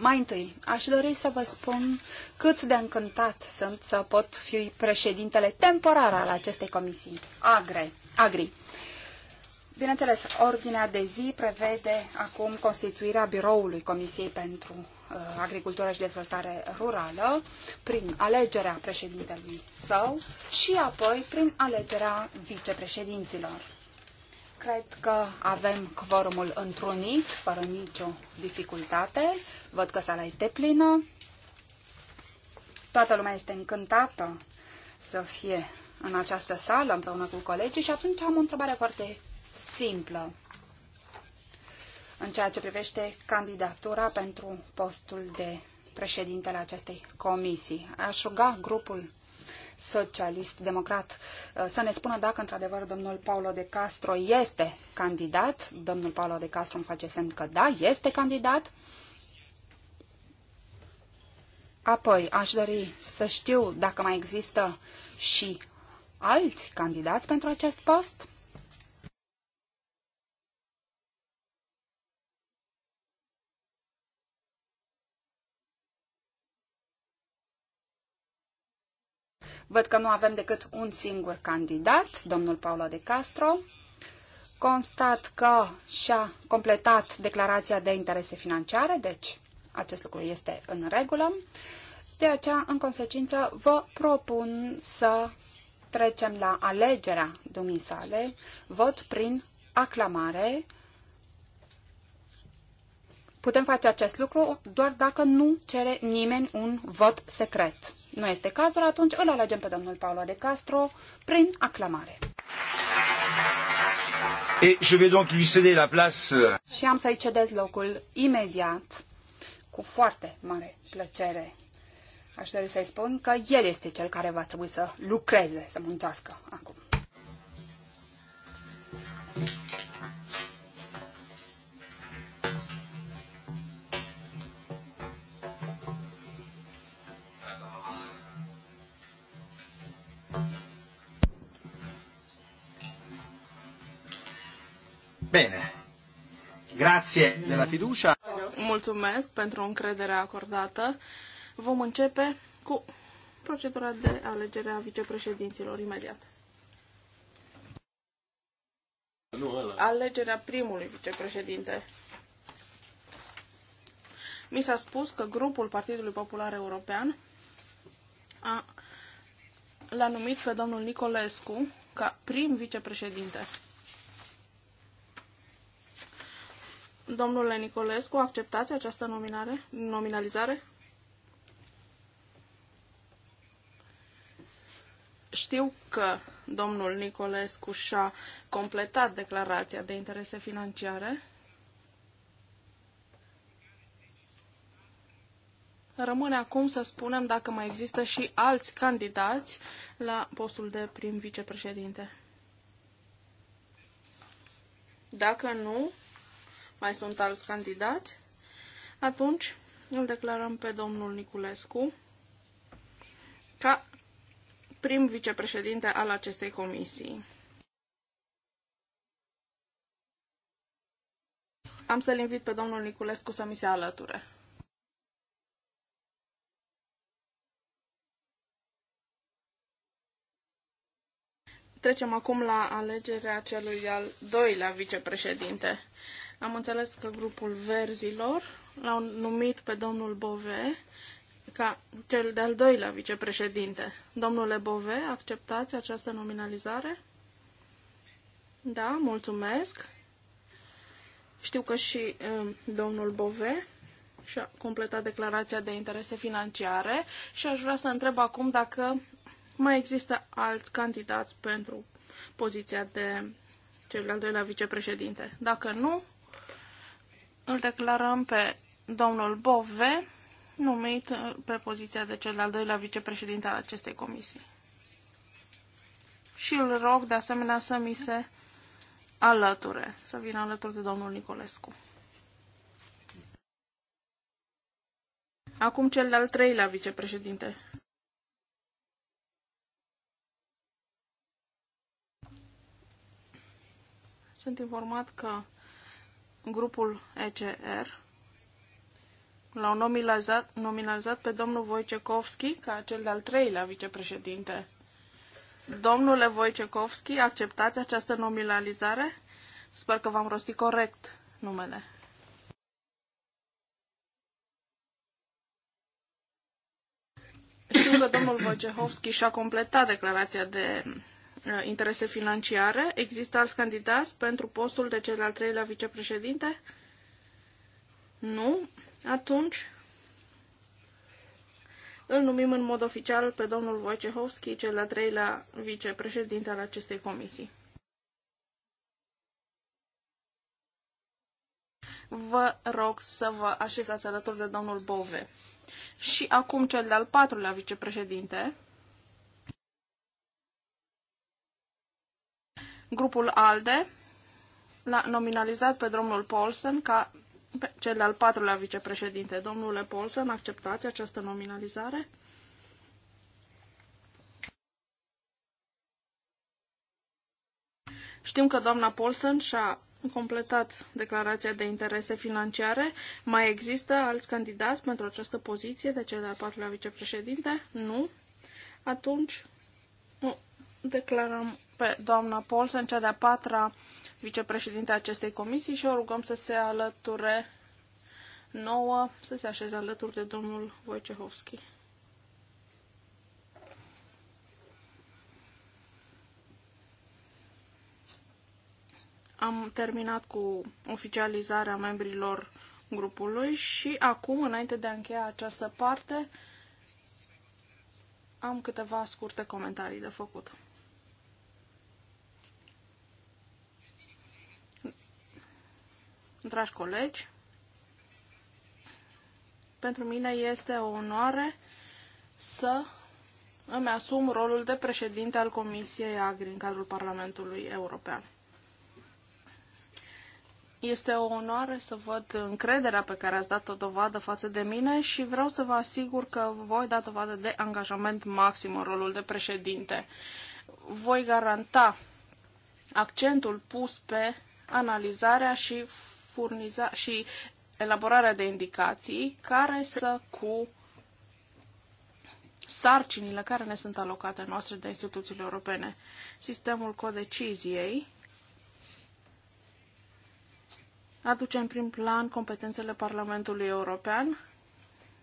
Mai întâi, aș dori să vă spun cât de încântat sunt să pot fi președintele temporar al acestei comisii, Agre, Agri. Bineînțeles, ordinea de zi prevede acum constituirea biroului Comisiei pentru uh, Agricultură și Dezvoltare Rurală prin alegerea președintelui său și apoi prin alegerea vicepreședinților. Cred că avem quorumul întrunit, fără nicio dificultate. Văd că sala este plină. Toată lumea este încântată să fie în această sală împreună cu colegii și atunci am o întrebare foarte simplă în ceea ce privește candidatura pentru postul de președintele acestei comisii. Aș ruga grupul socialist-democrat uh, să ne spună dacă într-adevăr domnul Paulo de Castro este candidat. Domnul Paulo de Castro îmi face semn că da, este candidat. Apoi, aș dori să știu dacă mai există și alți candidați pentru acest post. Văd că nu avem decât un singur candidat, domnul Paula de Castro. Constat că și-a completat declarația de interese financiare, deci acest lucru este în regulă. De aceea, în consecință, vă propun să trecem la alegerea dumisale, vot prin aclamare. Putem face acest lucru doar dacă nu cere nimeni un vot secret. Nu este cazul, atunci îl alegem pe domnul Paolo de Castro prin aclamare. Et je vais donc lui céder la place. Euh, Și am să-i cedez locul imediat, cu foarte mare plăcere. Aș dori să-i spun că el este cel care va trebui să lucreze, să muncească acum. Bine. Grazie della fiducia. Mulțumesc pentru încrederea acordată. Vom începe cu procedura de alegere a vicepreședinților imediat. Alegerea primului vicepreședinte. Mi s-a spus că grupul Partidului Popular European a, l-a numit pe domnul Nicolescu ca prim vicepreședinte. Domnule Nicolescu, acceptați această nominare, nominalizare? Știu că domnul Nicolescu și-a completat declarația de interese financiare. Rămâne acum să spunem dacă mai există și alți candidați la postul de prim vicepreședinte. Dacă nu, mai sunt alți candidați, atunci îl declarăm pe domnul Niculescu ca prim vicepreședinte al acestei comisii. Am să-l invit pe domnul Niculescu să mi se alăture. Trecem acum la alegerea celui al doilea vicepreședinte am înțeles că grupul verzilor l-au numit pe domnul Bove ca cel de-al doilea vicepreședinte. Domnule Bove, acceptați această nominalizare? Da, mulțumesc. Știu că și um, domnul Bove și-a completat declarația de interese financiare și aș vrea să întreb acum dacă mai există alți candidați pentru poziția de cel de-al doilea vicepreședinte. Dacă nu, îl declarăm pe domnul Bove, numit pe poziția de cel de-al doilea vicepreședinte al acestei comisii. Și îl rog de asemenea să mi se alăture, să vină alături de domnul Nicolescu. Acum cel de-al treilea vicepreședinte. Sunt informat că grupul ECR l-au nominalizat, nominalizat pe domnul Wojciechowski ca cel de-al treilea vicepreședinte. Domnule Wojciechowski, acceptați această nominalizare? Sper că v-am rostit corect numele. Știu că domnul Wojciechowski și-a completat declarația de Uh, interese financiare. Există alți candidați pentru postul de cel al treilea vicepreședinte? Nu. Atunci îl numim în mod oficial pe domnul Wojciechowski, cel al treilea vicepreședinte al acestei comisii. Vă rog să vă așezați alături de domnul Bove. Și acum cel de-al patrulea vicepreședinte, Grupul ALDE l-a nominalizat pe domnul Paulsen ca pe cel de-al patrulea vicepreședinte. Domnule Paulsen, acceptați această nominalizare? Știm că doamna Paulsen și-a completat declarația de interese financiare. Mai există alți candidați pentru această poziție de cel de-al patrulea vicepreședinte? Nu. Atunci, nu. declarăm pe doamna Paulsen, cea de-a patra vicepreședinte a acestei comisii și o rugăm să se alăture nouă, să se așeze alături de domnul Wojciechowski. Am terminat cu oficializarea membrilor grupului și acum, înainte de a încheia această parte, am câteva scurte comentarii de făcut. dragi colegi, pentru mine este o onoare să îmi asum rolul de președinte al Comisiei Agri în cadrul Parlamentului European. Este o onoare să văd încrederea pe care ați dat-o dovadă față de mine și vreau să vă asigur că voi da dovadă de angajament maxim în rolul de președinte. Voi garanta accentul pus pe analizarea și furniza și elaborarea de indicații care să cu sarcinile care ne sunt alocate noastre de instituțiile europene. Sistemul codeciziei aduce în prim plan competențele Parlamentului European,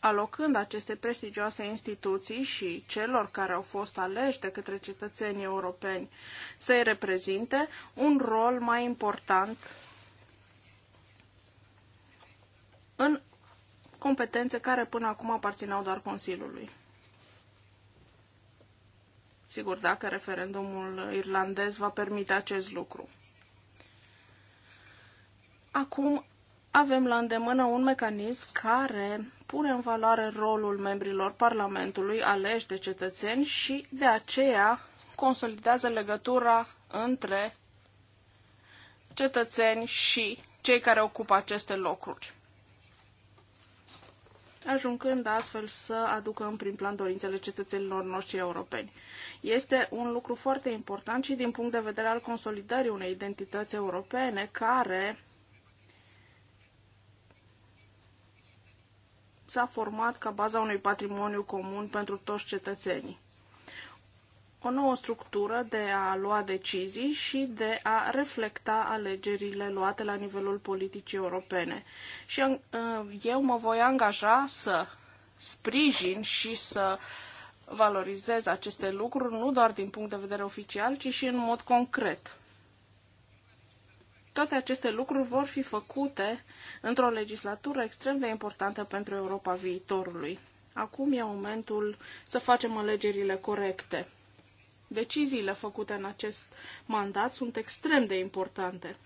alocând aceste prestigioase instituții și celor care au fost aleși de către cetățenii europeni să-i reprezinte un rol mai important în competențe care până acum aparțineau doar Consiliului. Sigur, dacă referendumul irlandez va permite acest lucru. Acum avem la îndemână un mecanism care pune în valoare rolul membrilor Parlamentului aleși de cetățeni și de aceea consolidează legătura între cetățeni și cei care ocupă aceste locuri ajungând astfel să aducă în prim plan dorințele cetățenilor noștri europeni. Este un lucru foarte important și din punct de vedere al consolidării unei identități europene care s-a format ca baza unui patrimoniu comun pentru toți cetățenii o nouă structură de a lua decizii și de a reflecta alegerile luate la nivelul politicii europene. Și uh, eu mă voi angaja să sprijin și să valorizez aceste lucruri, nu doar din punct de vedere oficial, ci și în mod concret. Toate aceste lucruri vor fi făcute într-o legislatură extrem de importantă pentru Europa viitorului. Acum e momentul să facem alegerile corecte. Deciziile făcute în acest mandat sunt extrem de importante.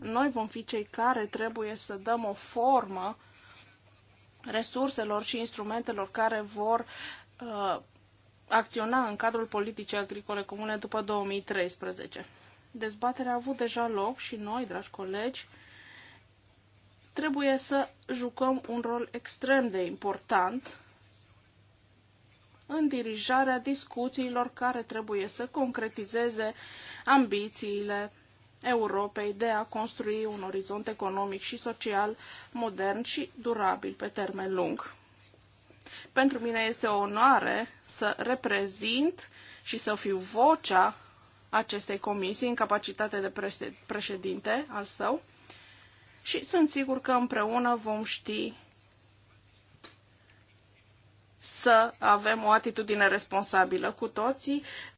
Noi vom fi cei care trebuie să dăm o formă resurselor și instrumentelor care vor uh, acționa în cadrul politicii agricole comune după 2013. Dezbaterea a avut deja loc și noi, dragi colegi, trebuie să jucăm un rol extrem de important în dirijarea discuțiilor care trebuie să concretizeze ambițiile Europei de a construi un orizont economic și social modern și durabil pe termen lung. Pentru mine este o onoare să reprezint și să fiu vocea acestei comisii în capacitate de președinte al său și sunt sigur că împreună vom ști să avem o atitudine responsabilă cu toții,